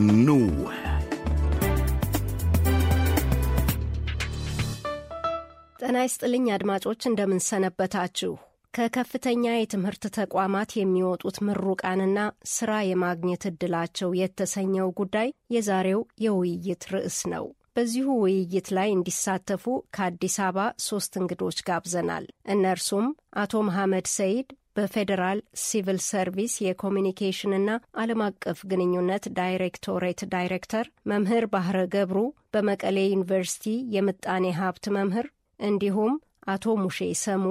nu. ጤና ይስጥልኝ አድማጮች፣ እንደምንሰነበታችሁ። ከከፍተኛ የትምህርት ተቋማት የሚወጡት ምሩቃንና ስራ የማግኘት እድላቸው የተሰኘው ጉዳይ የዛሬው የውይይት ርዕስ ነው። በዚሁ ውይይት ላይ እንዲሳተፉ ከአዲስ አበባ ሶስት እንግዶች ጋብዘናል። እነርሱም አቶ መሐመድ ሰይድ በፌዴራል ሲቪል ሰርቪስ የኮሚኒኬሽንና ዓለም አቀፍ ግንኙነት ዳይሬክቶሬት ዳይሬክተር መምህር ባህረ ገብሩ፣ በመቀሌ ዩኒቨርሲቲ የምጣኔ ሀብት መምህር እንዲሁም አቶ ሙሼ ሰሙ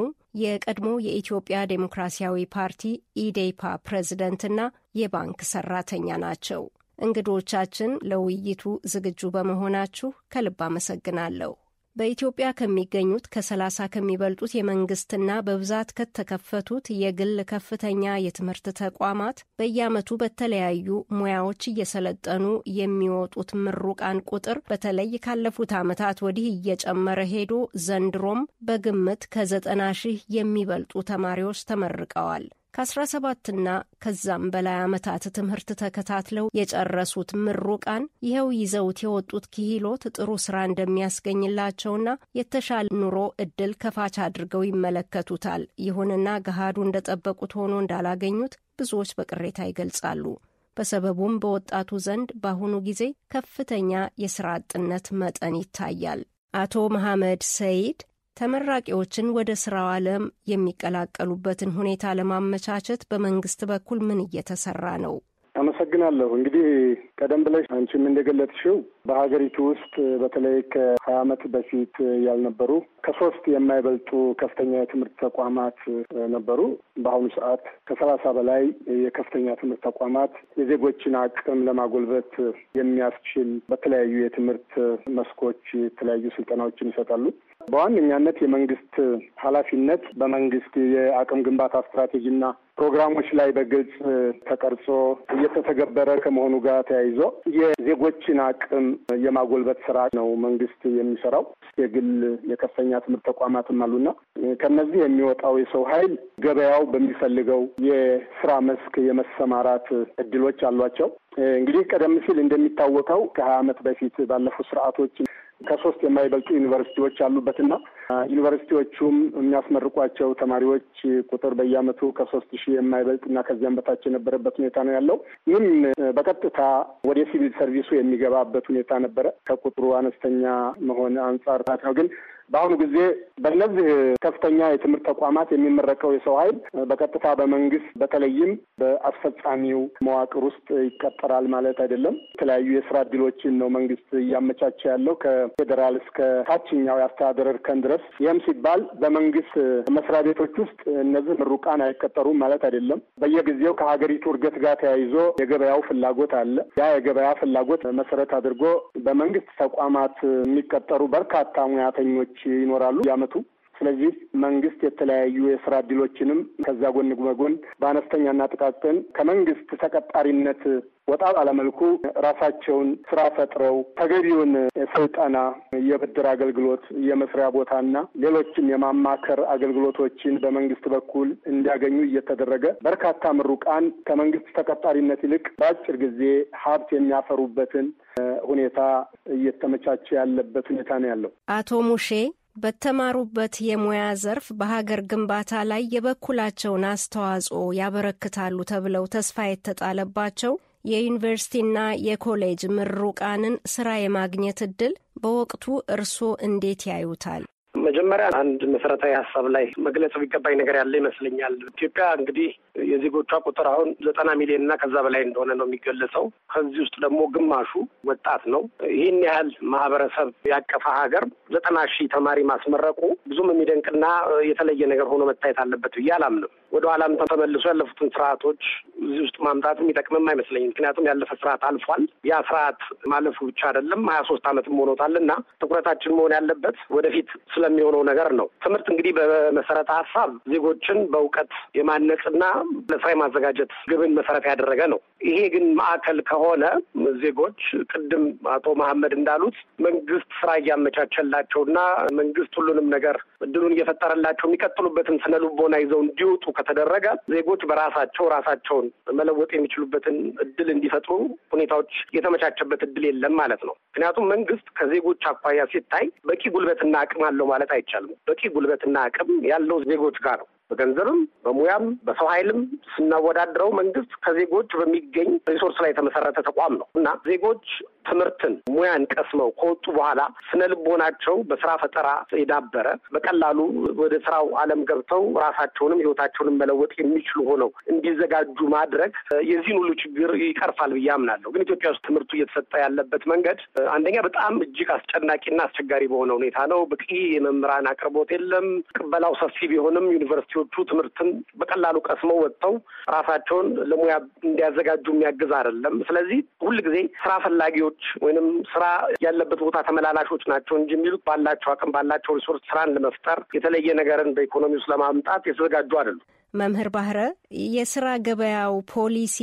የቀድሞ የኢትዮጵያ ዴሞክራሲያዊ ፓርቲ ኢዴፓ ፕሬዝደንትና የባንክ ሰራተኛ ናቸው። እንግዶቻችን ለውይይቱ ዝግጁ በመሆናችሁ ከልብ አመሰግናለሁ። በኢትዮጵያ ከሚገኙት ከሰላሳ ከሚበልጡት የመንግስትና በብዛት ከተከፈቱት የግል ከፍተኛ የትምህርት ተቋማት በየዓመቱ በተለያዩ ሙያዎች እየሰለጠኑ የሚወጡት ምሩቃን ቁጥር በተለይ ካለፉት ዓመታት ወዲህ እየጨመረ ሄዶ ዘንድሮም በግምት ከዘጠና ሺህ የሚበልጡ ተማሪዎች ተመርቀዋል። ከ17ና ከዛም በላይ ዓመታት ትምህርት ተከታትለው የጨረሱት ምሩቃን ይኸው ይዘውት የወጡት ክህሎት ጥሩ ስራ እንደሚያስገኝላቸውና የተሻለ ኑሮ እድል ከፋች አድርገው ይመለከቱታል። ይሁንና ገሃዱ እንደጠበቁት ሆኖ እንዳላገኙት ብዙዎች በቅሬታ ይገልጻሉ። በሰበቡም በወጣቱ ዘንድ በአሁኑ ጊዜ ከፍተኛ የስራ አጥነት መጠን ይታያል። አቶ መሐመድ ሰይድ ተመራቂዎችን ወደ ስራው ዓለም የሚቀላቀሉበትን ሁኔታ ለማመቻቸት በመንግስት በኩል ምን እየተሰራ ነው? አመሰግናለሁ። እንግዲህ ቀደም ብለሽ አንቺም እንደገለጥሽው በሀገሪቱ ውስጥ በተለይ ከሀያ ዓመት በፊት ያልነበሩ ከሶስት የማይበልጡ ከፍተኛ የትምህርት ተቋማት ነበሩ። በአሁኑ ሰዓት ከሰላሳ በላይ የከፍተኛ ትምህርት ተቋማት የዜጎችን አቅም ለማጎልበት የሚያስችል በተለያዩ የትምህርት መስኮች የተለያዩ ስልጠናዎችን ይሰጣሉ። በዋነኛነት የመንግስት ኃላፊነት በመንግስት የአቅም ግንባታ ስትራቴጂና ፕሮግራሞች ላይ በግልጽ ተቀርጾ እየተተገበረ ከመሆኑ ጋር ተያይዞ የዜጎችን አቅም የማጎልበት ስራ ነው መንግስት የሚሰራው። የግል የከፍተኛ ትምህርት ተቋማትም አሉና ከነዚህ የሚወጣው የሰው ኃይል ገበያው በሚፈልገው የስራ መስክ የመሰማራት እድሎች አሏቸው። እንግዲህ ቀደም ሲል እንደሚታወቀው ከሀያ ዓመት በፊት ባለፉት ስርዓቶች ከሶስት የማይበልጡ ዩኒቨርሲቲዎች አሉበትና ዩኒቨርሲቲዎቹም የሚያስመርቋቸው ተማሪዎች ቁጥር በየአመቱ ከሶስት ሺህ የማይበልጥ እና ከዚያም በታች የነበረበት ሁኔታ ነው ያለው። ይህም በቀጥታ ወደ ሲቪል ሰርቪሱ የሚገባበት ሁኔታ ነበረ። ከቁጥሩ አነስተኛ መሆን አንጻር ነው ግን በአሁኑ ጊዜ በእነዚህ ከፍተኛ የትምህርት ተቋማት የሚመረቀው የሰው ኃይል በቀጥታ በመንግስት በተለይም በአስፈጻሚው መዋቅር ውስጥ ይቀጠራል ማለት አይደለም። የተለያዩ የስራ እድሎችን ነው መንግስት እያመቻቸ ያለው ከፌዴራል እስከ ታችኛው የአስተዳደር እርከን ድረስ። ይህም ሲባል በመንግስት መስሪያ ቤቶች ውስጥ እነዚህ ምሩቃን አይቀጠሩም ማለት አይደለም። በየጊዜው ከሀገሪቱ እድገት ጋር ተያይዞ የገበያው ፍላጎት አለ። ያ የገበያ ፍላጎት መሰረት አድርጎ በመንግስት ተቋማት የሚቀጠሩ በርካታ ሙያተኞች እድሎች ይኖራሉ የአመቱ። ስለዚህ መንግስት የተለያዩ የስራ እድሎችንም ከዛ ጎን በጎን በአነስተኛና ጥቃቅን ከመንግስት ተቀጣሪነት ወጣ ባለመልኩ ራሳቸውን ስራ ፈጥረው ተገቢውን ስልጠና፣ የብድር አገልግሎት፣ የመስሪያ ቦታና ሌሎችም የማማከር አገልግሎቶችን በመንግስት በኩል እንዲያገኙ እየተደረገ በርካታ ምሩቃን ከመንግስት ተቀጣሪነት ይልቅ በአጭር ጊዜ ሀብት የሚያፈሩበትን ሁኔታ እየተመቻቸ ያለበት ሁኔታ ነው ያለው። አቶ ሙሼ በተማሩበት የሙያ ዘርፍ በሀገር ግንባታ ላይ የበኩላቸውን አስተዋጽኦ ያበረክታሉ ተብለው ተስፋ የተጣለባቸው የዩኒቨርሲቲና የኮሌጅ ምሩቃንን ስራ የማግኘት እድል በወቅቱ እርስዎ እንዴት ያዩታል? መጀመሪያ አንድ መሰረታዊ ሀሳብ ላይ መግለጽ የሚገባኝ ነገር ያለ ይመስለኛል። ኢትዮጵያ እንግዲህ የዜጎቿ ቁጥር አሁን ዘጠና ሚሊዮን እና ከዛ በላይ እንደሆነ ነው የሚገለጸው። ከዚህ ውስጥ ደግሞ ግማሹ ወጣት ነው። ይህን ያህል ማህበረሰብ ያቀፈ ሀገር ዘጠና ሺህ ተማሪ ማስመረቁ ብዙም የሚደንቅና የተለየ ነገር ሆኖ መታየት አለበት ብዬ አላምንም። ወደ ኋላም ተመልሶ ያለፉትን ስርዓቶች እዚህ ውስጥ ማምጣት የሚጠቅምም አይመስለኝም። ምክንያቱም ያለፈ ስርዓት አልፏል። ያ ስርዓት ማለፉ ብቻ አይደለም ሀያ ሶስት አመትም ሆኖታል እና ትኩረታችን መሆን ያለበት ወደፊት ስለ የሚሆነው ነገር ነው። ትምህርት እንግዲህ በመሰረተ ሀሳብ ዜጎችን በእውቀት የማነጽና ለስራ የማዘጋጀት ግብን መሰረት ያደረገ ነው። ይሄ ግን ማዕከል ከሆነ ዜጎች ቅድም አቶ መሐመድ እንዳሉት መንግስት ስራ እያመቻቸላቸው እና መንግስት ሁሉንም ነገር እድሉን እየፈጠረላቸው የሚቀጥሉበትን ስነ ልቦና ይዘው እንዲወጡ ከተደረገ ዜጎች በራሳቸው ራሳቸውን መለወጥ የሚችሉበትን እድል እንዲፈጥሩ ሁኔታዎች የተመቻቸበት እድል የለም ማለት ነው። ምክንያቱም መንግስት ከዜጎች አኳያ ሲታይ በቂ ጉልበትና አቅም አለው ማለት ማለት አይቻልም። በቂ ጉልበትና አቅም ያለው ዜጎች ጋር ነው በገንዘብም በሙያም በሰው ኃይልም ስናወዳድረው መንግስት ከዜጎች በሚገኝ ሪሶርስ ላይ የተመሰረተ ተቋም ነው እና ዜጎች ትምህርትን፣ ሙያን ቀስመው ከወጡ በኋላ ስነ ልቦናቸው በስራ ፈጠራ የዳበረ በቀላሉ ወደ ስራው ዓለም ገብተው ራሳቸውንም ህይወታቸውንም መለወጥ የሚችሉ ሆነው እንዲዘጋጁ ማድረግ የዚህን ሁሉ ችግር ይቀርፋል ብዬ አምናለሁ። ግን ኢትዮጵያ ውስጥ ትምህርቱ እየተሰጠ ያለበት መንገድ አንደኛ በጣም እጅግ አስጨናቂና አስቸጋሪ በሆነ ሁኔታ ነው። በቂ የመምህራን አቅርቦት የለም። ቅበላው ሰፊ ቢሆንም ዩኒቨርስቲ ዩኒቨርሲቲዎቹ ትምህርትን በቀላሉ ቀስመው ወጥተው ራሳቸውን ለሙያ እንዲያዘጋጁ የሚያግዝ አይደለም። ስለዚህ ሁልጊዜ ስራ ፈላጊዎች ወይንም ስራ ያለበት ቦታ ተመላላሾች ናቸው እንጂ የሚሉት ባላቸው አቅም ባላቸው ሪሶርስ ስራን ለመፍጠር የተለየ ነገርን በኢኮኖሚ ውስጥ ለማምጣት የተዘጋጁ አይደሉም። መምህር ባህረ የስራ ገበያው ፖሊሲ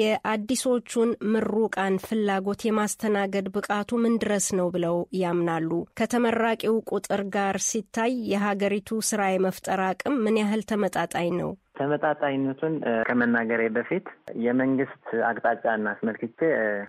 የአዲሶቹን ምሩቃን ፍላጎት የማስተናገድ ብቃቱ ምን ድረስ ነው ብለው ያምናሉ? ከተመራቂው ቁጥር ጋር ሲታይ የሀገሪቱ ስራ የመፍጠር አቅም ምን ያህል ተመጣጣኝ ነው? ተመጣጣኝነቱን ከመናገሬ በፊት የመንግስት አቅጣጫን አስመልክቼ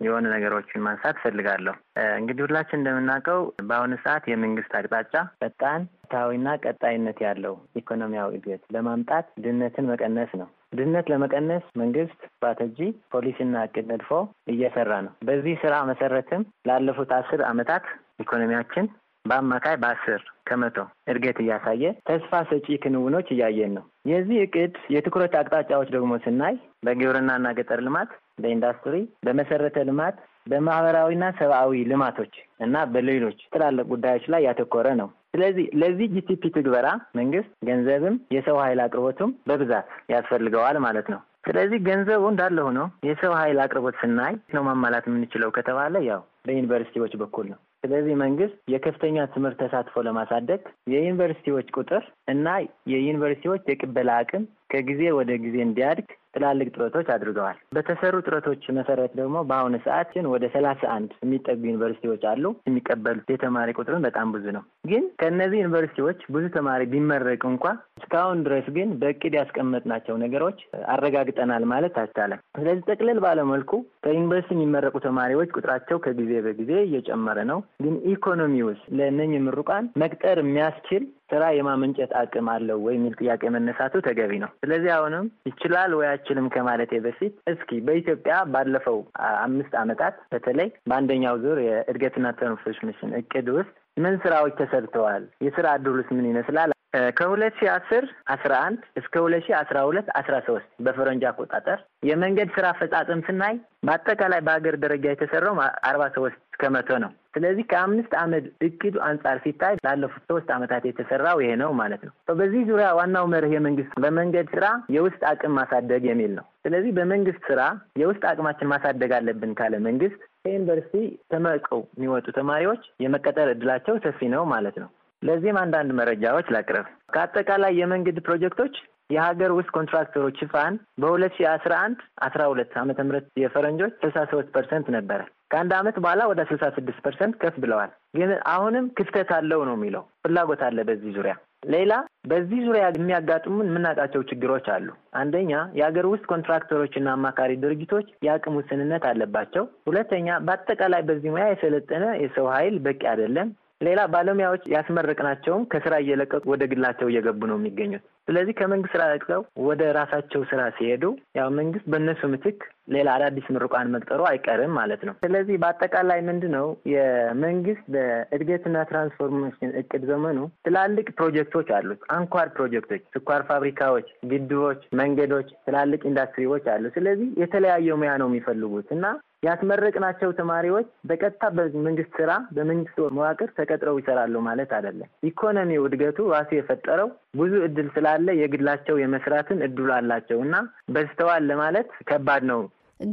የሆነ ነገሮችን ማንሳት ፈልጋለሁ እንግዲህ ሁላችን እንደምናውቀው በአሁኑ ሰዓት የመንግስት አቅጣጫ ፈጣን፣ ፍትሐዊና ቀጣይነት ያለው ኢኮኖሚያዊ እድገት ለማምጣት ድህነትን መቀነስ ነው። ድህነት ለመቀነስ መንግስት ስትራቴጂ፣ ፖሊሲና እቅድ ነድፎ እየሰራ ነው። በዚህ ስራ መሰረትም ላለፉት አስር ዓመታት ኢኮኖሚያችን በአማካይ በአስር ከመቶ እድገት እያሳየ ተስፋ ሰጪ ክንውኖች እያየን ነው። የዚህ እቅድ የትኩረት አቅጣጫዎች ደግሞ ስናይ በግብርናና ገጠር ልማት፣ በኢንዱስትሪ፣ በመሰረተ ልማት፣ በማህበራዊና ሰብአዊ ልማቶች እና በሌሎች ትላልቅ ጉዳዮች ላይ ያተኮረ ነው። ስለዚህ ለዚህ ጂቲፒ ትግበራ መንግስት ገንዘብም የሰው ኃይል አቅርቦቱም በብዛት ያስፈልገዋል ማለት ነው። ስለዚህ ገንዘቡ እንዳለ ሆኖ የሰው ኃይል አቅርቦት ስናይ ነው ማሟላት የምንችለው ከተባለ ያው በዩኒቨርሲቲዎች በኩል ነው። ስለዚህ መንግስት የከፍተኛ ትምህርት ተሳትፎ ለማሳደግ የዩኒቨርሲቲዎች ቁጥር እና የዩኒቨርሲቲዎች የቅበላ አቅም ከጊዜ ወደ ጊዜ እንዲያድግ ትላልቅ ጥረቶች አድርገዋል። በተሰሩ ጥረቶች መሰረት ደግሞ በአሁኑ ሰዓትን ወደ ሰላሳ አንድ የሚጠጉ ዩኒቨርሲቲዎች አሉ። የሚቀበሉት የተማሪ ቁጥርን በጣም ብዙ ነው። ግን ከእነዚህ ዩኒቨርሲቲዎች ብዙ ተማሪ ቢመረቅ እንኳ እስካሁን ድረስ ግን በእቅድ ያስቀመጥናቸው ነገሮች አረጋግጠናል ማለት አይቻለም። ስለዚህ ጠቅልል ባለመልኩ ከዩኒቨርሲቲ የሚመረቁ ተማሪዎች ቁጥራቸው ከጊዜ ጊዜ በጊዜ እየጨመረ ነው። ግን ኢኮኖሚ ውስጥ ለእነኝህ ምሩቃን መቅጠር የሚያስችል ስራ የማመንጨት አቅም አለው ወይ የሚል ጥያቄ መነሳቱ ተገቢ ነው። ስለዚህ አሁንም ይችላል ወይ አይችልም ከማለቴ በፊት እስኪ በኢትዮጵያ ባለፈው አምስት ዓመታት በተለይ በአንደኛው ዙር የእድገትና ትራንስፎርሜሽን እቅድ ውስጥ ምን ስራዎች ተሰርተዋል? የስራ እድሉስ ምን ይመስላል? ከሁለት ሺ አስር አስራ አንድ እስከ ሁለት ሺ አስራ ሁለት አስራ ሶስት በፈረንጅ አቆጣጠር የመንገድ ስራ አፈጻጸም ስናይ በአጠቃላይ በሀገር ደረጃ የተሰራው አርባ ሶስት ከመቶ ነው። ስለዚህ ከአምስት አመት እቅዱ አንጻር ሲታይ ላለፉት ሶስት ዓመታት የተሰራው ይሄ ነው ማለት ነው። በዚህ ዙሪያ ዋናው መርህ የመንግስት በመንገድ ስራ የውስጥ አቅም ማሳደግ የሚል ነው። ስለዚህ በመንግስት ስራ የውስጥ አቅማችን ማሳደግ አለብን ካለ መንግስት ከዩኒቨርሲቲ ተመርቀው የሚወጡ ተማሪዎች የመቀጠር እድላቸው ሰፊ ነው ማለት ነው። ለዚህም አንዳንድ መረጃዎች ላቅረብ። ከአጠቃላይ የመንገድ ፕሮጀክቶች የሀገር ውስጥ ኮንትራክተሮች ሽፋን በሁለት ሺ አስራ አንድ አስራ ሁለት ዓመተ ምህረት የፈረንጆች ስልሳ ሶስት ፐርሰንት ነበረ። ከአንድ ዓመት በኋላ ወደ ስልሳ ስድስት ፐርሰንት ከፍ ብለዋል። ግን አሁንም ክፍተት አለው ነው የሚለው ፍላጎት አለ በዚህ ዙሪያ። ሌላ በዚህ ዙሪያ የሚያጋጥሙን የምናውቃቸው ችግሮች አሉ። አንደኛ የሀገር ውስጥ ኮንትራክተሮችና አማካሪ ድርጅቶች የአቅም ውስንነት አለባቸው። ሁለተኛ በአጠቃላይ በዚህ ሙያ የሰለጠነ የሰው ኃይል በቂ አይደለም። ሌላ ባለሙያዎች ያስመረቅናቸውም ከስራ እየለቀቁ ወደ ግላቸው እየገቡ ነው የሚገኙት። ስለዚህ ከመንግስት ስራ ለቅቀው ወደ ራሳቸው ስራ ሲሄዱ ያው መንግስት በእነሱ ምትክ ሌላ አዳዲስ ምርቋን መቅጠሩ አይቀርም ማለት ነው። ስለዚህ በአጠቃላይ ምንድን ነው የመንግስት በእድገትና ትራንስፎርሜሽን እቅድ ዘመኑ ትላልቅ ፕሮጀክቶች አሉት። አንኳር ፕሮጀክቶች፣ ስኳር ፋብሪካዎች፣ ግድቦች፣ መንገዶች፣ ትላልቅ ኢንዱስትሪዎች አሉ። ስለዚህ የተለያየ ሙያ ነው የሚፈልጉት እና ያስመረቅናቸው ተማሪዎች በቀጥታ በመንግስት ስራ በመንግስት መዋቅር ተቀጥረው ይሰራሉ ማለት አይደለም። ኢኮኖሚው እድገቱ ራሱ የፈጠረው ብዙ እድል ስላለ የግላቸው የመስራትን እድሉ አላቸው እና በዝተዋል ለማለት ከባድ ነው።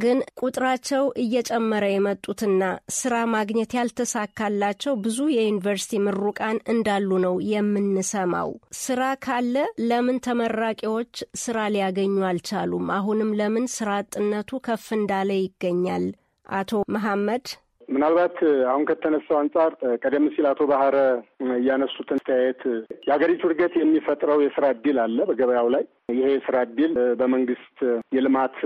ግን ቁጥራቸው እየጨመረ የመጡትና ስራ ማግኘት ያልተሳካላቸው ብዙ የዩኒቨርሲቲ ምሩቃን እንዳሉ ነው የምንሰማው። ስራ ካለ ለምን ተመራቂዎች ስራ ሊያገኙ አልቻሉም? አሁንም ለምን ስራ አጥነቱ ከፍ እንዳለ ይገኛል? አቶ መሐመድ ምናልባት አሁን ከተነሳው አንጻር ቀደም ሲል አቶ ባህረ እያነሱትን አስተያየት የሀገሪቱ እድገት የሚፈጥረው የስራ እድል አለ በገበያው ላይ። ይሄ የስራ እድል በመንግስት የልማት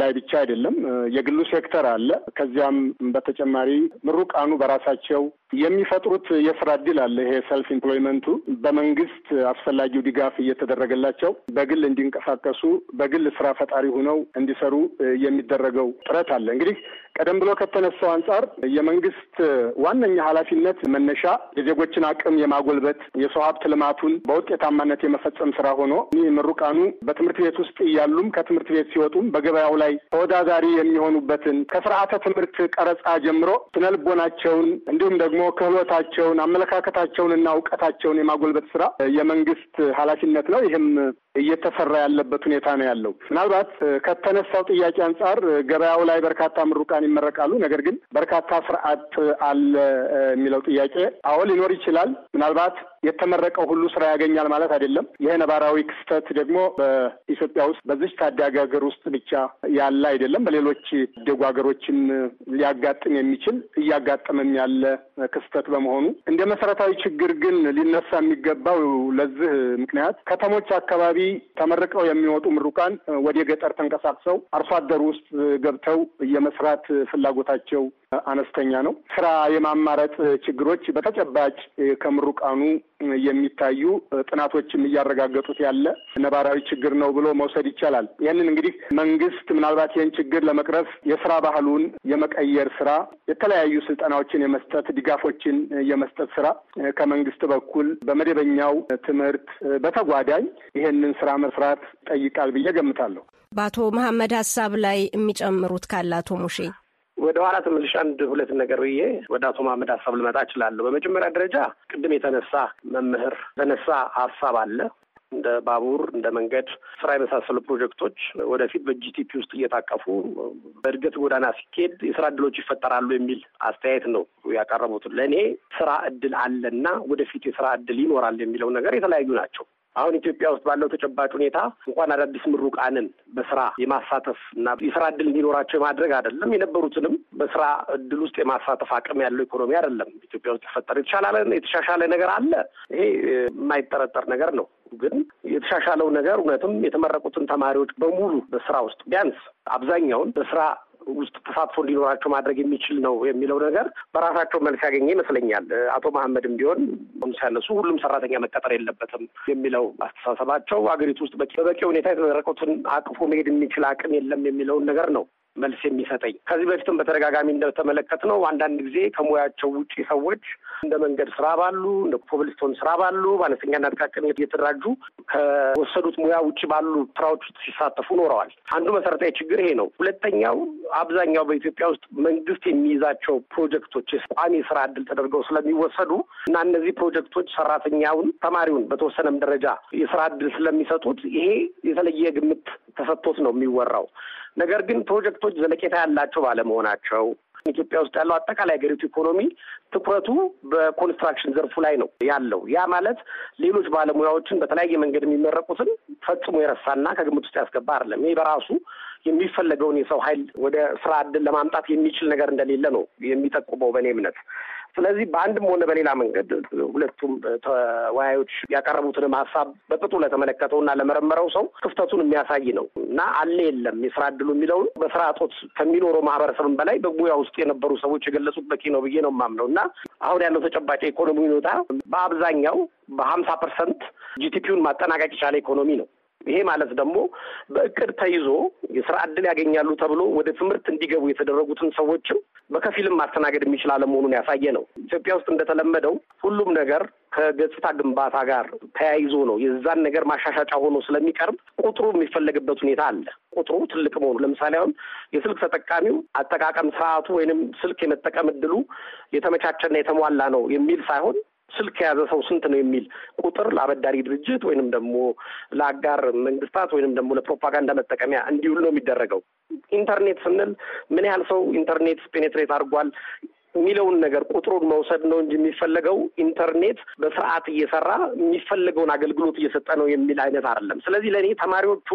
ላይ ብቻ አይደለም፣ የግሉ ሴክተር አለ። ከዚያም በተጨማሪ ምሩቃኑ በራሳቸው የሚፈጥሩት የስራ እድል አለ። ይሄ ሰልፍ ኢምፕሎይመንቱ በመንግስት አስፈላጊው ድጋፍ እየተደረገላቸው በግል እንዲንቀሳቀሱ በግል ስራ ፈጣሪ ሆነው እንዲሰሩ የሚደረገው ጥረት አለ። እንግዲህ ቀደም ብሎ ከተነሳው አንጻር የመንግስት ዋነኛ ኃላፊነት መነሻ የዜጎችን አቅም የማጎልበት የሰው ሀብት ልማቱን በውጤታማነት የመፈጸም ስራ ሆኖ እኒህ ምሩቃኑ በትምህርት ቤት ውስጥ እያሉም ከትምህርት ቤት ሲወጡም በገበያው ላይ ተወዳዳሪ የሚሆኑበትን ከስርዓተ ትምህርት ቀረጻ ጀምሮ ስነልቦናቸውን እንዲሁም ደግሞ ክህሎታቸውን፣ አመለካከታቸውን እና እውቀታቸውን የማጎልበት ስራ የመንግስት ኃላፊነት ነው። ይህም እየተሰራ ያለበት ሁኔታ ነው ያለው። ምናልባት ከተነሳው ጥያቄ አንጻር ገበያው ላይ በርካታ ምሩቃን ይመረቃሉ። ነገር ግን በርካታ የካርታ ስርዓት አለ የሚለው ጥያቄ አዎ ሊኖር ይችላል ምናልባት የተመረቀው ሁሉ ስራ ያገኛል ማለት አይደለም። ይህ ነባራዊ ክስተት ደግሞ በኢትዮጵያ ውስጥ በዚች ታዳጊ ሀገር ውስጥ ብቻ ያለ አይደለም። በሌሎች ደጉ ሀገሮችም ሊያጋጥም የሚችል እያጋጠመም ያለ ክስተት በመሆኑ እንደ መሰረታዊ ችግር ግን ሊነሳ የሚገባው ለዚህ ምክንያት ከተሞች አካባቢ ተመርቀው የሚወጡ ምሩቃን ወደ ገጠር ተንቀሳቅሰው አርሶ አደር ውስጥ ገብተው የመስራት ፍላጎታቸው አነስተኛ ነው። ስራ የማማረጥ ችግሮች በተጨባጭ ከምሩቃኑ የሚታዩ ጥናቶችም እያረጋገጡት ያለ ነባራዊ ችግር ነው ብሎ መውሰድ ይቻላል። ይህንን እንግዲህ መንግስት ምናልባት ይህን ችግር ለመቅረፍ የስራ ባህሉን የመቀየር ስራ፣ የተለያዩ ስልጠናዎችን የመስጠት ድጋፎችን የመስጠት ስራ ከመንግስት በኩል በመደበኛው ትምህርት በተጓዳኝ ይህንን ስራ መስራት ይጠይቃል ብዬ ገምታለሁ። በአቶ መሐመድ ሀሳብ ላይ የሚጨምሩት ካለ አቶ ሙሼ ወደ ኋላ ተመልሼ አንድ ሁለት ነገር ብዬ ወደ አቶ መሀመድ ሀሳብ ልመጣ እችላለሁ። በመጀመሪያ ደረጃ ቅድም የተነሳ መምህር የተነሳ ሀሳብ አለ እንደ ባቡር እንደ መንገድ ስራ የመሳሰሉ ፕሮጀክቶች ወደፊት በጂቲፒ ውስጥ እየታቀፉ በእድገት ጎዳና ሲኬድ የስራ እድሎች ይፈጠራሉ የሚል አስተያየት ነው ያቀረቡት። ለእኔ ስራ እድል አለና ወደፊት የስራ እድል ይኖራል የሚለው ነገር የተለያዩ ናቸው። አሁን ኢትዮጵያ ውስጥ ባለው ተጨባጭ ሁኔታ እንኳን አዳዲስ ምሩቃንን በስራ የማሳተፍ እና የስራ እድል እንዲኖራቸው የማድረግ አይደለም፣ የነበሩትንም በስራ እድል ውስጥ የማሳተፍ አቅም ያለው ኢኮኖሚ አይደለም ኢትዮጵያ ውስጥ የፈጠረ። የተሻላለ የተሻሻለ ነገር አለ፣ ይሄ የማይጠረጠር ነገር ነው። ግን የተሻሻለው ነገር እውነትም የተመረቁትን ተማሪዎች በሙሉ በስራ ውስጥ ቢያንስ አብዛኛውን በስራ ውስጥ ተሳትፎ እንዲኖራቸው ማድረግ የሚችል ነው የሚለው ነገር በራሳቸው መልስ ያገኘ ይመስለኛል። አቶ መሀመድም ቢሆን ሲያነሱ ሁሉም ሰራተኛ መቀጠር የለበትም የሚለው አስተሳሰባቸው አገሪቱ ውስጥ በበቂ ሁኔታ የተደረቁትን አቅፎ መሄድ የሚችል አቅም የለም የሚለውን ነገር ነው መልስ የሚሰጠኝ። ከዚህ በፊትም በተደጋጋሚ እንደተመለከትነው አንዳንድ ጊዜ ከሙያቸው ውጪ ሰዎች እንደ መንገድ ስራ ባሉ እንደ ኮብልስቶን ስራ ባሉ በአነስተኛና ጥቃቅን እየተደራጁ ከወሰዱት ሙያ ውጭ ባሉ ስራዎች ውስጥ ሲሳተፉ ኖረዋል። አንዱ መሰረታዊ ችግር ይሄ ነው። ሁለተኛው አብዛኛው በኢትዮጵያ ውስጥ መንግስት የሚይዛቸው ፕሮጀክቶች ቋሚ ስራ እድል ተደርገው ስለሚወሰዱ እና እነዚህ ፕሮጀክቶች ሰራተኛውን፣ ተማሪውን በተወሰነም ደረጃ የስራ እድል ስለሚሰጡት ይሄ የተለየ ግምት ተሰጥቶት ነው የሚወራው። ነገር ግን ፕሮጀክቶች ዘለቄታ ያላቸው ባለመሆናቸው ኢትዮጵያ ውስጥ ያለው አጠቃላይ ሀገሪቱ ኢኮኖሚ ትኩረቱ በኮንስትራክሽን ዘርፉ ላይ ነው ያለው። ያ ማለት ሌሎች ባለሙያዎችን በተለያየ መንገድ የሚመረቁትን ፈጽሞ የረሳና ከግምት ውስጥ ያስገባ አይደለም። ይህ በራሱ የሚፈለገውን የሰው ኃይል ወደ ስራ እድል ለማምጣት የሚችል ነገር እንደሌለ ነው የሚጠቁመው በእኔ እምነት። ስለዚህ በአንድም ሆነ በሌላ መንገድ ሁለቱም ተወያዮች ያቀረቡትንም ሀሳብ በቅጡ ለተመለከተውና ለመረመረው ሰው ክፍተቱን የሚያሳይ ነው እና አለ የለም የስራ እድሉ የሚለውን በስራ እጦት ከሚኖረው ማህበረሰብም በላይ በሙያ ውስጥ የነበሩ ሰዎች የገለጹት በቂ ነው ብዬ ነው የማምነው እና አሁን ያለው ተጨባጭ የኢኮኖሚ ሁኔታ በአብዛኛው በሀምሳ ፐርሰንት ጂቲፒውን ማጠናቀቅ የቻለ ኢኮኖሚ ነው። ይሄ ማለት ደግሞ በእቅድ ተይዞ የስራ እድል ያገኛሉ ተብሎ ወደ ትምህርት እንዲገቡ የተደረጉትን ሰዎችም በከፊልም ማስተናገድ የሚችል አለመሆኑን ያሳየ ነው። ኢትዮጵያ ውስጥ እንደተለመደው ሁሉም ነገር ከገጽታ ግንባታ ጋር ተያይዞ ነው። የዛን ነገር ማሻሻጫ ሆኖ ስለሚቀርብ ቁጥሩ የሚፈለግበት ሁኔታ አለ። ቁጥሩ ትልቅ መሆኑ ለምሳሌ አሁን የስልክ ተጠቃሚው አጠቃቀም ስርዓቱ ወይንም ስልክ የመጠቀም እድሉ የተመቻቸና የተሟላ ነው የሚል ሳይሆን ስልክ የያዘ ሰው ስንት ነው የሚል ቁጥር ለአበዳሪ ድርጅት ወይንም ደግሞ ለአጋር መንግስታት ወይንም ደግሞ ለፕሮፓጋንዳ መጠቀሚያ እንዲውል ነው የሚደረገው። ኢንተርኔት ስንል ምን ያህል ሰው ኢንተርኔት ፔኔትሬት አድርጓል፣ የሚለውን ነገር ቁጥሩን መውሰድ ነው እንጂ የሚፈለገው ኢንተርኔት በስርዓት እየሰራ የሚፈለገውን አገልግሎት እየሰጠ ነው የሚል አይነት አይደለም። ስለዚህ ለእኔ ተማሪዎቹ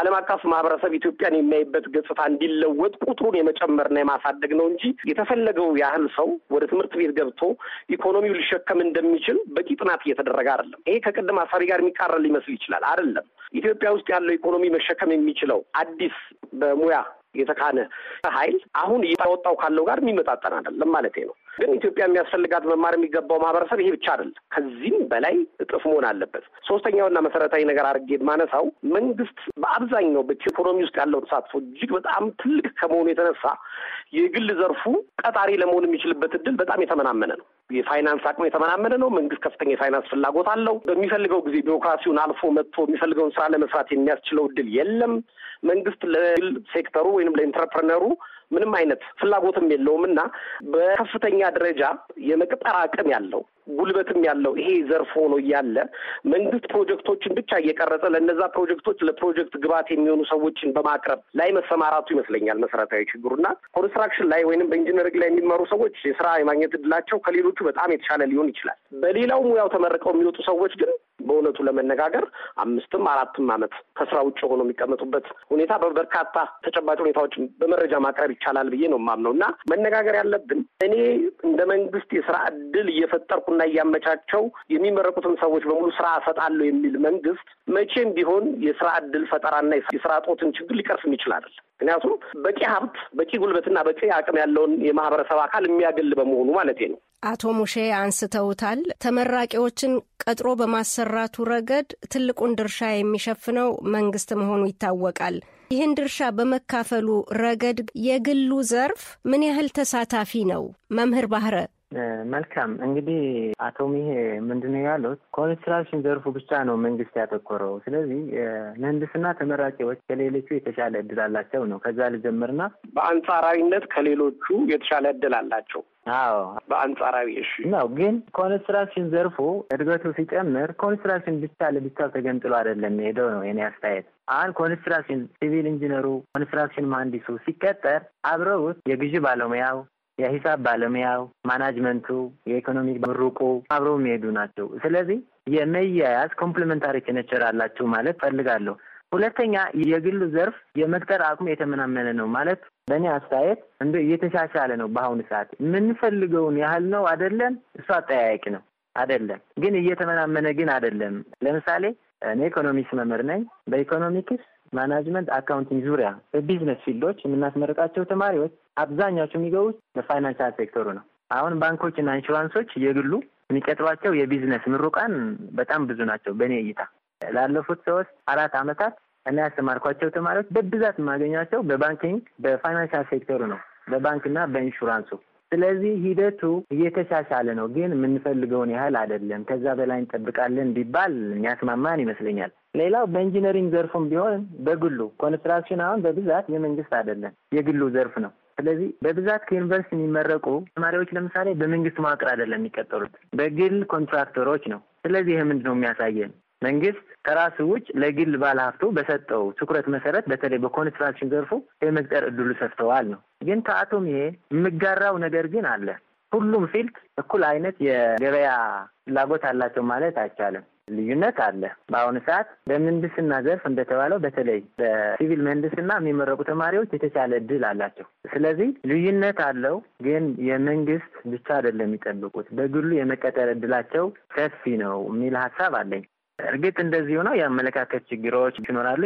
ዓለም አቀፍ ማህበረሰብ ኢትዮጵያን የሚያይበት ገጽታ እንዲለወጥ ቁጥሩን የመጨመርና የማሳደግ ነው እንጂ የተፈለገው ያህል ሰው ወደ ትምህርት ቤት ገብቶ ኢኮኖሚው ሊሸከም እንደሚችል በቂ ጥናት እየተደረገ አይደለም። ይሄ ከቅድም ሀሳቤ ጋር የሚቃረን ሊመስል ይችላል። አይደለም። ኢትዮጵያ ውስጥ ያለው ኢኮኖሚ መሸከም የሚችለው አዲስ በሙያ የተካነ ኃይል አሁን እየወጣው ካለው ጋር የሚመጣጠን አይደለም ማለት ነው። ግን ኢትዮጵያ የሚያስፈልጋት መማር የሚገባው ማህበረሰብ ይሄ ብቻ አይደለም። ከዚህም በላይ እጥፍ መሆን አለበት። ሶስተኛውና መሰረታዊ ነገር አድርጌ ማነሳው መንግስት በአብዛኛው በኢኮኖሚ ውስጥ ያለው ተሳትፎ እጅግ በጣም ትልቅ ከመሆኑ የተነሳ የግል ዘርፉ ቀጣሪ ለመሆን የሚችልበት እድል በጣም የተመናመነ ነው። የፋይናንስ አቅሙ የተመናመነ ነው። መንግስት ከፍተኛ የፋይናንስ ፍላጎት አለው። በሚፈልገው ጊዜ ቢሮክራሲውን አልፎ መጥቶ የሚፈልገውን ስራ ለመስራት የሚያስችለው እድል የለም። መንግስት ለግል ሴክተሩ ወይም ለኢንተርፕረነሩ ምንም አይነት ፍላጎትም የለውም እና በከፍተኛ ደረጃ የመቅጠር አቅም ያለው ጉልበትም ያለው ይሄ ዘርፍ ሆኖ እያለ መንግስት ፕሮጀክቶችን ብቻ እየቀረጸ ለነዛ ፕሮጀክቶች ለፕሮጀክት ግብዓት የሚሆኑ ሰዎችን በማቅረብ ላይ መሰማራቱ ይመስለኛል መሰረታዊ ችግሩና ኮንስትራክሽን ላይ ወይም በኢንጂነሪንግ ላይ የሚመሩ ሰዎች የስራ የማግኘት እድላቸው ከሌሎቹ በጣም የተሻለ ሊሆን ይችላል። በሌላው ሙያው ተመርቀው የሚወጡ ሰዎች ግን በእውነቱ ለመነጋገር አምስትም አራትም ዓመት ከስራ ውጭ ሆኖ የሚቀመጡበት ሁኔታ በበርካታ ተጨባጭ ሁኔታዎች በመረጃ ማቅረብ ይቻላል ብዬ ነው የማምነው እና መነጋገር ያለብን እኔ እንደ መንግስት የስራ እድል እየፈጠርኩና እያመቻቸው የሚመረቁትን ሰዎች በሙሉ ስራ እሰጣለሁ የሚል መንግስት መቼም ቢሆን የስራ እድል ፈጠራና የስራ ጦትን ችግር ሊቀርፍም ይችላል። ምክንያቱም በቂ ሀብት፣ በቂ ጉልበትና በቂ አቅም ያለውን የማህበረሰብ አካል የሚያገል በመሆኑ ማለት ነው። አቶ ሙሼ አንስተውታል። ተመራቂዎችን ቀጥሮ በማሰራቱ ረገድ ትልቁን ድርሻ የሚሸፍነው መንግስት መሆኑ ይታወቃል። ይህን ድርሻ በመካፈሉ ረገድ የግሉ ዘርፍ ምን ያህል ተሳታፊ ነው? መምህር ባህረ መልካም እንግዲህ አቶ ሚሄ ምንድነው ያሉት? ኮንስትራክሽን ዘርፉ ብቻ ነው መንግስት ያተኮረው። ስለዚህ ምህንድስና ተመራቂዎች ከሌሎቹ የተሻለ እድል አላቸው ነው። ከዛ ልጀምርና በአንጻራዊነት ከሌሎቹ የተሻለ እድል አላቸው። አዎ በአንጻራዊ እሺ ነው። ግን ኮንስትራክሽን ዘርፉ እድገቱ ሲጨምር ኮንስትራክሽን ብቻ ለብቻው ተገንጥሎ አይደለም ሄደው ነው የኔ አስተያየት። አሁን ኮንስትራክሽን ሲቪል ኢንጂነሩ፣ ኮንስትራክሽን መሀንዲሱ ሲቀጠር አብረውት የግዢ ባለሙያው የሂሳብ ባለሙያው፣ ማናጅመንቱ፣ የኢኮኖሚክ ምሩቁ አብረው የሚሄዱ ናቸው። ስለዚህ የመያያዝ ኮምፕሊመንታሪ ኔቸር አላቸው ማለት ፈልጋለሁ። ሁለተኛ የግሉ ዘርፍ የመቅጠር አቅሙ የተመናመነ ነው ማለት በእኔ አስተያየት እንደ እየተሻሻለ ነው። በአሁኑ ሰዓት የምንፈልገውን ያህል ነው አይደለም፣ እሱ አጠያያቂ ነው አይደለም፣ ግን እየተመናመነ ግን አይደለም። ለምሳሌ እኔ ኢኮኖሚክስ መምህር ነኝ። በኢኮኖሚክስ ማናጅመንት፣ አካውንቲንግ ዙሪያ በቢዝነስ ፊልዶች የምናስመርቃቸው ተማሪዎች አብዛኛዎቹ የሚገቡት በፋይናንሻል ሴክተሩ ነው። አሁን ባንኮችና ኢንሹራንሶች የግሉ የሚቀጥሯቸው የቢዝነስ ምሩቃን በጣም ብዙ ናቸው በእኔ እይታ። ላለፉት ሶስት አራት አመታት እና ያስተማርኳቸው ተማሪዎች በብዛት የማገኛቸው በባንኪንግ በፋይናንሻል ሴክተሩ ነው፣ በባንክና በኢንሹራንሱ። ስለዚህ ሂደቱ እየተሻሻለ ነው፣ ግን የምንፈልገውን ያህል አይደለም። ከዛ በላይ እንጠብቃለን ቢባል የሚያስማማን ይመስለኛል። ሌላው በኢንጂነሪንግ ዘርፉም ቢሆን በግሉ ኮንስትራክሽን አሁን በብዛት የመንግስት አይደለም፣ የግሉ ዘርፍ ነው። ስለዚህ በብዛት ከዩኒቨርሲቲ የሚመረቁ ተማሪዎች ለምሳሌ በመንግስት መዋቅር አይደለም የሚቀጠሩት፣ በግል ኮንትራክተሮች ነው። ስለዚህ ይህ ምንድን ነው የሚያሳየን? መንግስት ከራሱ ውጭ ለግል ባለሀብቱ በሰጠው ትኩረት መሰረት በተለይ በኮንስትራክሽን ዘርፉ የመቅጠር እድሉ ሰፍተዋል ነው። ግን ከአቶ ይሄ የምጋራው ነገር ግን አለ። ሁሉም ፊልድ እኩል አይነት የገበያ ፍላጎት አላቸው ማለት አይቻልም። ልዩነት አለ። በአሁኑ ሰዓት በምህንድስና ዘርፍ እንደተባለው በተለይ በሲቪል ምህንድስና የሚመረቁ ተማሪዎች የተቻለ እድል አላቸው። ስለዚህ ልዩነት አለው። ግን የመንግስት ብቻ አይደለም የሚጠብቁት፣ በግሉ የመቀጠር እድላቸው ሰፊ ነው የሚል ሀሳብ አለኝ። እርግጥ እንደዚሁ ነው። የአመለካከት ችግሮች ይኖራሉ።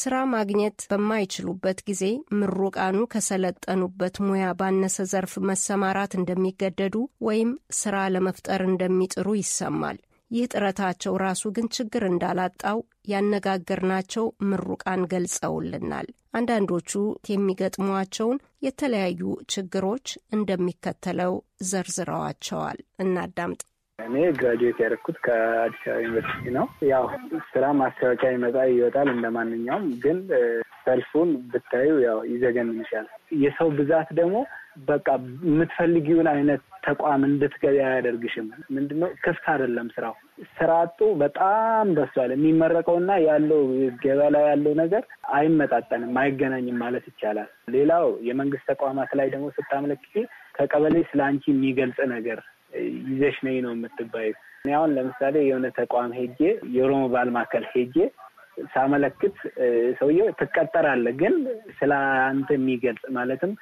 ስራ ማግኘት በማይችሉበት ጊዜ ምሩቃኑ ከሰለጠኑበት ሙያ ባነሰ ዘርፍ መሰማራት እንደሚገደዱ ወይም ስራ ለመፍጠር እንደሚጥሩ ይሰማል። ይህ ጥረታቸው ራሱ ግን ችግር እንዳላጣው ያነጋገርናቸው ምሩቃን ገልጸውልናል። አንዳንዶቹ የሚገጥሟቸውን የተለያዩ ችግሮች እንደሚከተለው ዘርዝረዋቸዋል። እናዳምጥ። እኔ ግራጁዌት ያደረኩት ከአዲስ አበባ ዩኒቨርሲቲ ነው። ያው ስራ ማስታወቂያ ይመጣ ይወጣል እንደ ማንኛውም፣ ግን ሰልፉን ብታዩ ያው ይዘገንንሻል። የሰው ብዛት ደግሞ በቃ የምትፈልጊውን አይነት ተቋም እንድትገቢ አያደርግሽም። ምንድነው ክፍት አይደለም ስራው። ስራ አጡ በጣም በዝቷል። የሚመረቀውና ያለው ገበያ ላይ ያለው ነገር አይመጣጠንም፣ አይገናኝም ማለት ይቻላል። ሌላው የመንግስት ተቋማት ላይ ደግሞ ስታመለክ ከቀበሌ ስለ አንቺ የሚገልጽ ነገር ይዘሽ ነይ ነው የምትባዩ። እኔ አሁን ለምሳሌ የሆነ ተቋም ሄጄ የኦሮሞ ባህል ማዕከል ሄጄ ሳመለክት ሰውየው ትቀጠራለህ፣ ግን ስለ አንተ የሚገልጽ ማለትም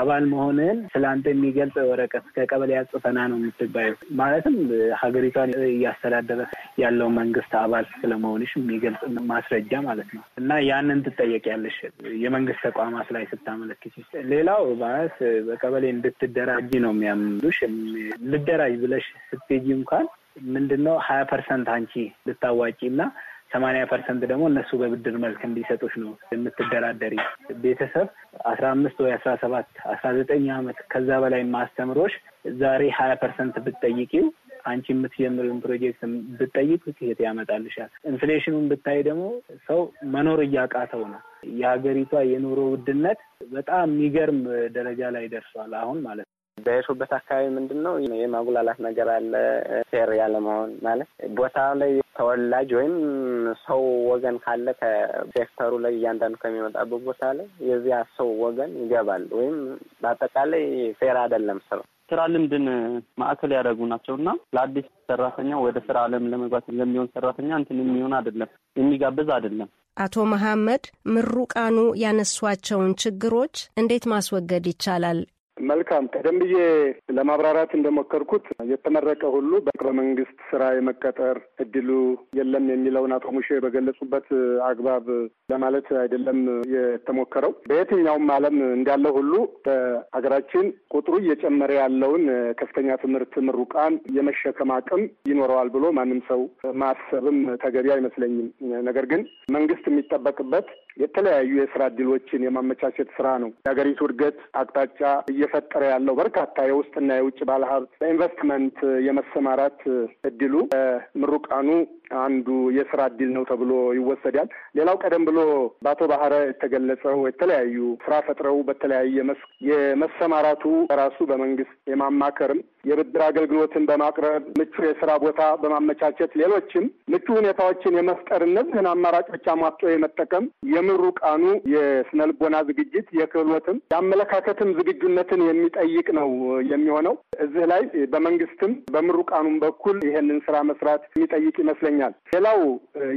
አባል መሆንህን ስለ አንተ የሚገልጽ ወረቀት ከቀበሌ ያጽፈና ነው የምትባዩ። ማለትም ሀገሪቷን እያስተዳደረ ያለው መንግስት አባል ስለመሆንሽ የሚገልጽ ማስረጃ ማለት ነው። እና ያንን ትጠየቂያለሽ የመንግስት ተቋማት ላይ ስታመለክች። ሌላው ማለት በቀበሌ እንድትደራጅ ነው የሚያምሉሽ። ልደራጅ ብለሽ ስትሄጂ እንኳን ምንድነው ሀያ ፐርሰንት አንቺ ልታዋጪ እና ሰማንያ ፐርሰንት ደግሞ እነሱ በብድር መልክ እንዲሰጡች ነው የምትደራደሪ። ቤተሰብ አስራ አምስት ወይ አስራ ሰባት አስራ ዘጠኝ አመት ከዛ በላይ ማስተምሮች ዛሬ ሀያ ፐርሰንት ብትጠይቂው አንቺ የምትጀምሪውን ፕሮጀክት ብትጠይቅ ትሄት ያመጣልሻል። ኢንፍሌሽኑን ብታይ ደግሞ ሰው መኖር እያቃተው ነው። የሀገሪቷ የኑሮ ውድነት በጣም የሚገርም ደረጃ ላይ ደርሷል አሁን ማለት ነው። በሄድኩበት አካባቢ ምንድን ነው የማጉላላት ነገር አለ። ፌር ያለመሆን ማለት ቦታ ላይ ተወላጅ ወይም ሰው ወገን ካለ ከሴክተሩ ላይ እያንዳንዱ ከሚመጣበት ቦታ ላይ የዚያ ሰው ወገን ይገባል ወይም በአጠቃላይ ፌር አይደለም ስራው። ስራ ልምድን ማዕከል ያደረጉ ናቸው እና ለአዲስ ሰራተኛ ወደ ስራ አለም ለመግባት ለሚሆን ሰራተኛ እንትን የሚሆን አይደለም፣ የሚጋብዝ አይደለም። አቶ መሐመድ ምሩቃኑ ያነሷቸውን ችግሮች እንዴት ማስወገድ ይቻላል መልካም ቀደም ብዬ ለማብራራት እንደሞከርኩት የተመረቀ ሁሉ በመንግስት ስራ የመቀጠር እድሉ የለም የሚለውን አቶ ሙሼ በገለጹበት አግባብ ለማለት አይደለም የተሞከረው። በየትኛውም ዓለም እንዳለ ሁሉ በሀገራችን ቁጥሩ እየጨመረ ያለውን ከፍተኛ ትምህርት ምሩቃን የመሸከም አቅም ይኖረዋል ብሎ ማንም ሰው ማሰብም ተገቢ አይመስለኝም። ነገር ግን መንግስት የሚጠበቅበት የተለያዩ የስራ እድሎችን የማመቻቸት ስራ ነው የሀገሪቱ እድገት አቅጣጫ እየፈጠረ ያለው። በርካታ የውስጥና የውጭ ባለሀብት በኢንቨስትመንት የመሰማራት እድሉ ምሩቃኑ አንዱ የስራ እድል ነው ተብሎ ይወሰዳል። ሌላው ቀደም ብሎ በአቶ ባህረ የተገለጸው የተለያዩ ስራ ፈጥረው በተለያየ መስክ የመሰማራቱ ራሱ በመንግስት የማማከርም የብድር አገልግሎትን በማቅረብ ምቹ የስራ ቦታ በማመቻቸት ሌሎችም ምቹ ሁኔታዎችን የመፍጠር እነዚህን አማራጮች አሟጦ የመጠቀም የምሩቃኑ የስነልቦና ዝግጅት የክህሎትም የአመለካከትም ዝግጁነትን የሚጠይቅ ነው የሚሆነው። እዚህ ላይ በመንግስትም በምሩቃኑም በኩል ይሄንን ስራ መስራት የሚጠይቅ ይመስለኛል። ይመስለኛል። ሌላው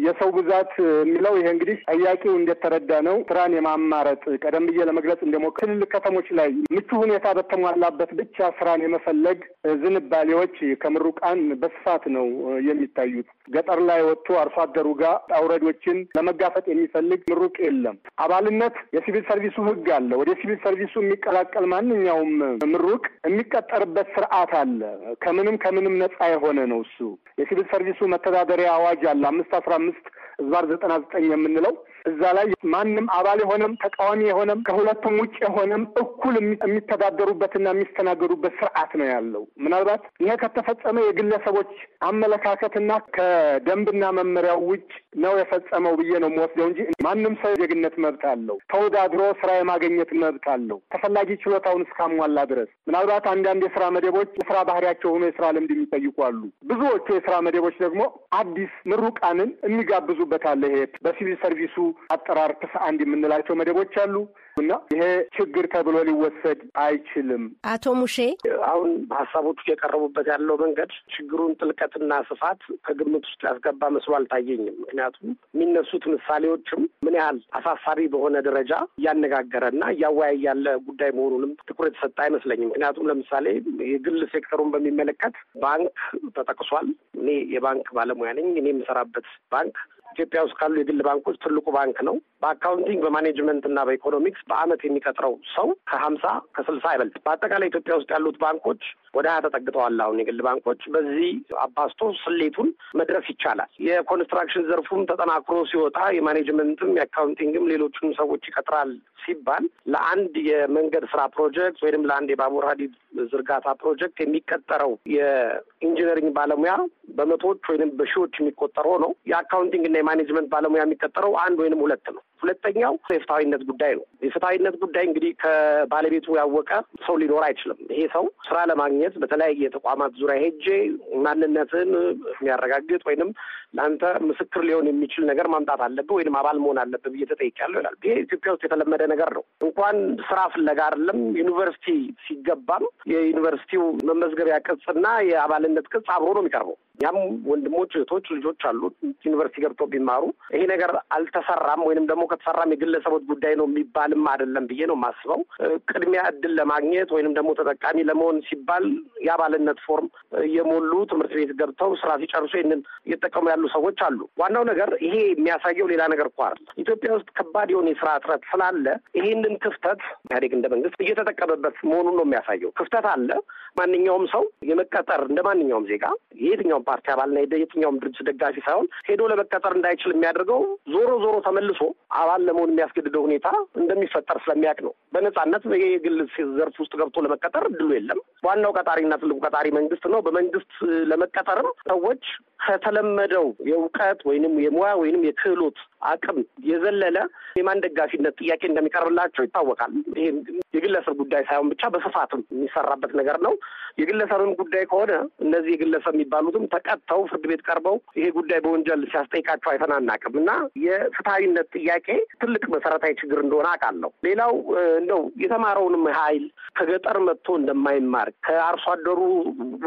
የሰው ብዛት የሚለው ይሄ እንግዲህ ጠያቂው እንደተረዳ ነው ስራን የማማረጥ ቀደም ብዬ ለመግለጽ እንደሞከርኩ ትልልቅ ከተሞች ላይ ምቹ ሁኔታ በተሟላበት ብቻ ስራን የመፈለግ ዝንባሌዎች ከምሩቃን በስፋት ነው የሚታዩት። ገጠር ላይ ወጥቶ አርሶ አደሩ ጋር አውረዶችን ለመጋፈጥ የሚፈልግ ምሩቅ የለም። አባልነት የሲቪል ሰርቪሱ ህግ አለ። ወደ ሲቪል ሰርቪሱ የሚቀላቀል ማንኛውም ምሩቅ የሚቀጠርበት ስርዓት አለ። ከምንም ከምንም ነፃ የሆነ ነው እሱ የሲቪል ሰርቪሱ መተዳደሪያ አዋጅ አለ አምስት አስራ አምስት እዛር ዘጠና ዘጠኝ የምንለው እዛ ላይ ማንም አባል የሆነም ተቃዋሚ የሆነም ከሁለቱም ውጭ የሆነም እኩል የሚተዳደሩበትና የሚስተናገዱበት ስርዓት ነው ያለው። ምናልባት ይሄ ከተፈጸመ የግለሰቦች አመለካከትና ከደንብና መመሪያው ውጭ ነው የፈጸመው ብዬ ነው የምወስደው እንጂ ማንም ሰው ዜግነት መብት አለው። ተወዳድሮ ስራ የማገኘት መብት አለው ተፈላጊ ችሎታውን እስካሟላ ድረስ። ምናልባት አንዳንድ የስራ መደቦች የስራ ባህሪያቸው ሆኖ የስራ ልምድ የሚጠይቁ አሉ። ብዙዎቹ የስራ መደቦች ደግሞ አዲስ ምሩቃንን የሚጋብዙበት አለ። ይሄ በሲቪል ሰርቪሱ አጠራር ትስ አንድ የምንላቸው መደቦች አሉ። እና ይሄ ችግር ተብሎ ሊወሰድ አይችልም። አቶ ሙሼ አሁን ሀሳቦቹ የቀረቡበት ያለው መንገድ ችግሩን ጥልቀትና ስፋት ከግምት ውስጥ ያስገባ መስሎ አልታየኝም። ምክንያቱም የሚነሱት ምሳሌዎችም ምን ያህል አሳሳቢ በሆነ ደረጃ እያነጋገረና እያወያየ ያለ ጉዳይ መሆኑንም ትኩረት የተሰጠ አይመስለኝም። ምክንያቱም ለምሳሌ የግል ሴክተሩን በሚመለከት ባንክ ተጠቅሷል። እኔ የባንክ ባለሙያ ነኝ። እኔ የምሰራበት ባንክ ኢትዮጵያ ውስጥ ካሉ የግል ባንኮች ትልቁ ባንክ ነው። በአካውንቲንግ በማኔጅመንት እና በኢኮኖሚክስ በአመት የሚቀጥረው ሰው ከሀምሳ ከስልሳ አይበልጥ። በአጠቃላይ ኢትዮጵያ ውስጥ ያሉት ባንኮች ወደ ሀያ ተጠግተዋል። አሁን የግል ባንኮች በዚህ አባስቶ ስሌቱን መድረስ ይቻላል። የኮንስትራክሽን ዘርፉም ተጠናክሮ ሲወጣ የማኔጅመንትም የአካውንቲንግም ሌሎቹንም ሰዎች ይቀጥራል ሲባል ለአንድ የመንገድ ስራ ፕሮጀክት ወይም ለአንድ የባቡር ሀዲድ ዝርጋታ ፕሮጀክት የሚቀጠረው የኢንጂነሪንግ ባለሙያ በመቶዎች ወይም በሺዎች የሚቆጠረው ነው የአካውንቲንግ እና የማኔጅመንት ባለሙያ የሚቀጠረው አንድ ወይንም ሁለት ነው። ሁለተኛው የፍትሐዊነት ጉዳይ ነው። የፍትሐዊነት ጉዳይ እንግዲህ ከባለቤቱ ያወቀ ሰው ሊኖር አይችልም። ይሄ ሰው ስራ ለማግኘት በተለያየ ተቋማት ዙሪያ ሄጄ ማንነትን የሚያረጋግጥ ወይንም ለአንተ ምስክር ሊሆን የሚችል ነገር ማምጣት አለብህ ወይም አባል መሆን አለብህ ብዬ ተጠይቄያለሁ ይላል። ይሄ ኢትዮጵያ ውስጥ የተለመደ ነገር ነው። እንኳን ስራ ፍለጋ አይደለም ዩኒቨርሲቲ ሲገባም የዩኒቨርሲቲው መመዝገቢያ ቅጽና የአባልነት ቅጽ አብሮ ነው የሚቀርበው። ያም ወንድሞች፣ እህቶች፣ ልጆች አሉ ዩኒቨርሲቲ ገብቶ ቢማሩ ይሄ ነገር አልተሰራም ወይንም ደግሞ ከተሰራም የግለሰቦች ጉዳይ ነው የሚባልም አይደለም ብዬ ነው የማስበው። ቅድሚያ እድል ለማግኘት ወይንም ደግሞ ተጠቃሚ ለመሆን ሲባል የአባልነት ፎርም እየሞሉ ትምህርት ቤት ገብተው ስራ ሲጨርሱ ይህንን እየጠቀሙ ያሉ ሰዎች አሉ። ዋናው ነገር ይሄ የሚያሳየው ሌላ ነገር እኮ አይደል። ኢትዮጵያ ውስጥ ከባድ የሆነ የስራ እጥረት ስላለ ይህንን ክፍተት ኢህአዴግ እንደ መንግስት እየተጠቀመበት መሆኑን ነው የሚያሳየው። ክፍተት አለ። ማንኛውም ሰው የመቀጠር እንደ ማንኛውም ዜጋ የየትኛውም ፓርቲ አባልና የትኛውም ድርጅት ደጋፊ ሳይሆን ሄዶ ለመቀጠር እንዳይችል የሚያደርገው ዞሮ ዞሮ ተመልሶ አባል ለመሆን የሚያስገድደው ሁኔታ እንደሚፈጠር ስለሚያውቅ ነው። በነጻነት የግል ዘርፍ ውስጥ ገብቶ ለመቀጠር እድሉ የለም። ዋናው ቀጣሪና ትልቁ ቀጣሪ መንግስት ነው። በመንግስት ለመቀጠርም ሰዎች ከተለመደው የእውቀት ወይንም የሙያ ወይንም የክህሎት አቅም የዘለለ የማን ደጋፊነት ጥያቄ እንደሚቀርብላቸው ይታወቃል። ይሄ የግለሰብ ጉዳይ ሳይሆን ብቻ በስፋትም የሚሰራበት ነገር ነው። የግለሰብም ጉዳይ ከሆነ እነዚህ የግለሰብ የሚባሉትም ተቀጥተው ፍርድ ቤት ቀርበው ይሄ ጉዳይ በወንጀል ሲያስጠይቃቸው አይተናናቅም እና የፍትሐዊነት ጥያቄ ትልቅ መሰረታዊ ችግር እንደሆነ አውቃለሁ። ሌላው እንደው የተማረውንም ኃይል ከገጠር መጥቶ እንደማይማር ከአርሶ አደሩ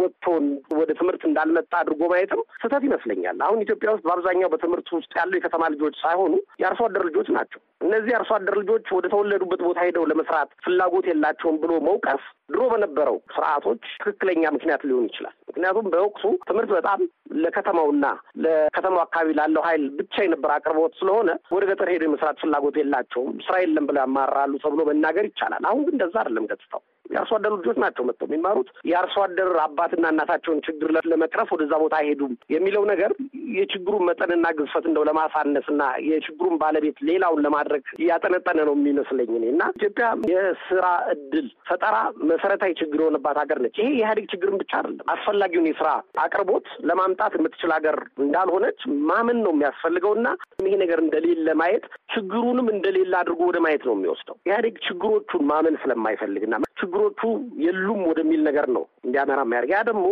ወጥቶን ወደ ትምህርት እንዳልመጣ አድርጎ ማየትም ስህተት ይመስለኛል። አሁን ኢትዮጵያ ውስጥ በአብዛኛው በትምህርት ውስጥ ያሉ የከተማ ልጆች ሳይሆኑ የአርሶ አደር ልጆች ናቸው። እነዚህ የአርሶ አደር ልጆች ወደ ተወለዱበት ቦታ ሄደው ለመስራት ፍላጎት የላቸውም ብሎ መውቀስ ድሮ በነበረው ስርዓቶች ትክክለኛ ምክንያት ሊሆን ይችላል። ምክንያቱም በወቅቱ ትምህርት በጣም ለከተማውና ለከተማው አካባቢ ላለው ኃይል ብቻ የነበረ አቅርቦት ስለሆነ ወደ ገጠር ሄዶ የመስራት ፍላጎት የላቸውም፣ ስራ የለም ብለው ያማራሉ ተብሎ መናገር ይቻላል። አሁን ግን እንደዛ አይደለም ገጽታው የአርሶ ልጆች ናቸው መጥተው የሚማሩት። የአርሶ አደር አባትና እናታቸውን ችግር ለመቅረፍ ወደዛ ቦታ አይሄዱም የሚለው ነገር የችግሩን መጠንና ግዝፈት እንደው ለማሳነስ እና የችግሩን ባለቤት ሌላውን ለማድረግ እያጠነጠነ ነው የሚመስለኝ እኔ እና ኢትዮጵያ የስራ እድል ፈጠራ መሰረታዊ ችግር የሆነባት ሀገር ነች። ይሄ የኢህአዴግ ችግርን ብቻ አይደለም። አስፈላጊውን የስራ አቅርቦት ለማምጣት የምትችል ሀገር እንዳልሆነች ማመን ነው የሚያስፈልገው እና ይሄ ነገር እንደሌለ ማየት ችግሩንም እንደሌለ አድርጎ ወደ ማየት ነው የሚወስደው። ኢህአዴግ ችግሮቹን ማመን ስለማይፈልግና ችግሮ ችግሮቹ የሉም ወደሚል ነገር ነው እንዲያመራ የሚያደርግ ያ ደግሞ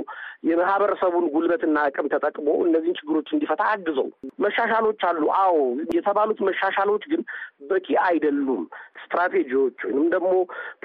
የማህበረሰቡን ጉልበትና አቅም ተጠቅሞ እነዚህን ችግሮች እንዲፈታ አግዘው። መሻሻሎች አሉ። አዎ የተባሉት መሻሻሎች ግን በቂ አይደሉም። ስትራቴጂዎች ወይም ደግሞ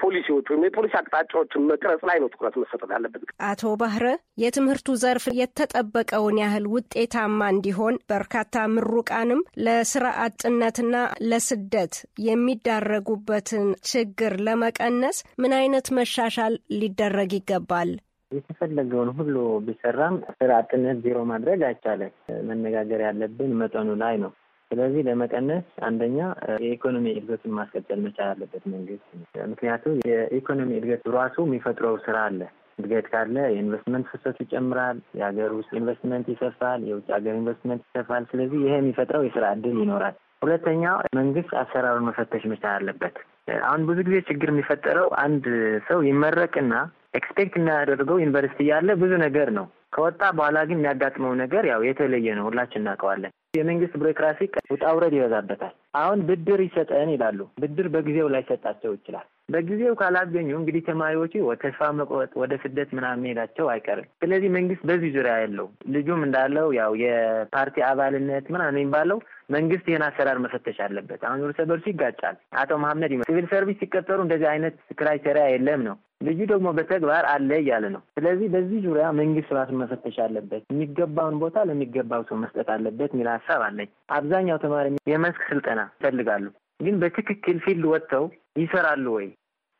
ፖሊሲዎች ወይም የፖሊሲ አቅጣጫዎችን መቅረጽ ላይ ነው ትኩረት መሰጠት ያለበት። አቶ ባህረ፣ የትምህርቱ ዘርፍ የተጠበቀውን ያህል ውጤታማ እንዲሆን በርካታ ምሩቃንም ለስራ አጥነትና ለስደት የሚዳረጉበትን ችግር ለመቀነስ ምን አይነት መሻሻል ሊደረግ ይገባል? የተፈለገውን ሁሉ ቢሰራም ስራ አጥነት ዜሮ ማድረግ አይቻልም። መነጋገር ያለብን መጠኑ ላይ ነው። ስለዚህ ለመቀነስ አንደኛ የኢኮኖሚ እድገቱን ማስቀጠል መቻል አለበት መንግስት። ምክንያቱም የኢኮኖሚ እድገት ራሱ የሚፈጥረው ስራ አለ። እድገት ካለ የኢንቨስትመንት ፍሰቱ ይጨምራል፣ የሀገር ውስጥ ኢንቨስትመንት ይሰፋል፣ የውጭ ሀገር ኢንቨስትመንት ይሰፋል። ስለዚህ ይሄ የሚፈጥረው የስራ እድል ይኖራል። ሁለተኛው መንግስት አሰራሩን መፈተሽ መቻል አለበት። አሁን ብዙ ጊዜ ችግር የሚፈጠረው አንድ ሰው ይመረቅና ኤክስፔክት የሚያደርገው ዩኒቨርሲቲ ያለ ብዙ ነገር ነው። ከወጣ በኋላ ግን የሚያጋጥመው ነገር ያው የተለየ ነው። ሁላችን እናውቀዋለን። የመንግስት ቢሮክራሲ ውጣ ውረድ ይበዛበታል። አሁን ብድር ይሰጠን ይላሉ። ብድር በጊዜው ላይሰጣቸው ይችላል። በጊዜው ካላገኙ እንግዲህ ተማሪዎቹ ተስፋ መቁረጥ ወደ ስደት ምናምን መሄዳቸው አይቀርም። ስለዚህ መንግስት በዚህ ዙሪያ ያለው ልጁም እንዳለው ያው የፓርቲ አባልነት ምናምን የሚባለው መንግስት ይህን አሰራር መፈተሽ አለበት። አሁን እርስ በርሱ ይጋጫል። አቶ መሀመድ ሲቪል ሰርቪስ ሲቀጠሩ እንደዚህ አይነት ክራይቴሪያ የለም ነው ልዩ ደግሞ በተግባር አለ እያለ ነው። ስለዚህ በዚህ ዙሪያ መንግስት ራሱን መፈተሽ አለበት፣ የሚገባውን ቦታ ለሚገባው ሰው መስጠት አለበት የሚል ሀሳብ አለኝ። አብዛኛው ተማሪ የመስክ ስልጠና ይፈልጋሉ፣ ግን በትክክል ፊልድ ወጥተው ይሰራሉ ወይ?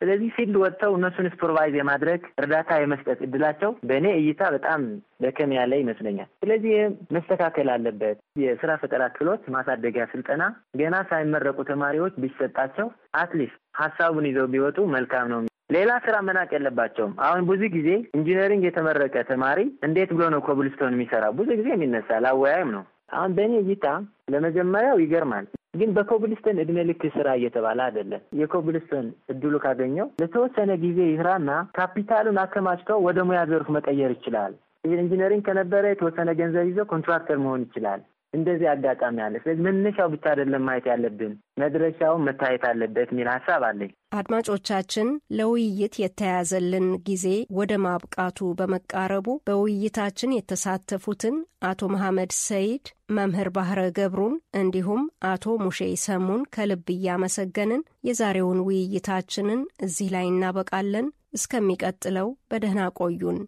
ስለዚህ ፊልድ ወጥተው እነሱን ሱፐርቫይዝ የማድረግ እርዳታ የመስጠት እድላቸው በእኔ እይታ በጣም ደከም ያለ ይመስለኛል። ስለዚህ መስተካከል አለበት። የስራ ፈጠራ ክህሎት ማሳደጊያ ስልጠና ገና ሳይመረቁ ተማሪዎች ቢሰጣቸው አትሊስት ሀሳቡን ይዘው ቢወጡ መልካም ነው። ሌላ ስራ መናቅ የለባቸውም። አሁን ብዙ ጊዜ ኢንጂነሪንግ የተመረቀ ተማሪ እንዴት ብሎ ነው ኮብልስቶን የሚሰራ? ብዙ ጊዜ የሚነሳ ላወያይም ነው። አሁን በእኔ እይታ ለመጀመሪያው ይገርማል። ግን በኮብልስተን እድሜ ልክ ስራ እየተባለ አይደለም። የኮብልስተን እድሉ ካገኘው ለተወሰነ ጊዜ ይስራና ካፒታሉን አከማችተው ወደ ሙያ ዘርፍ መቀየር ይችላል። ኢንጂነሪንግ ከነበረ የተወሰነ ገንዘብ ይዞ ኮንትራክተር መሆን ይችላል። እንደዚህ አጋጣሚ አለ። ስለዚህ መነሻው ብቻ አይደለም ማየት ያለብን፣ መድረሻውን መታየት አለበት የሚል ሀሳብ አለኝ። አድማጮቻችን፣ ለውይይት የተያዘልን ጊዜ ወደ ማብቃቱ በመቃረቡ በውይይታችን የተሳተፉትን አቶ መሐመድ ሰይድ፣ መምህር ባህረ ገብሩን እንዲሁም አቶ ሙሼ ሰሙን ከልብ እያመሰገንን የዛሬውን ውይይታችንን እዚህ ላይ እናበቃለን። እስከሚቀጥለው በደህና ቆዩን።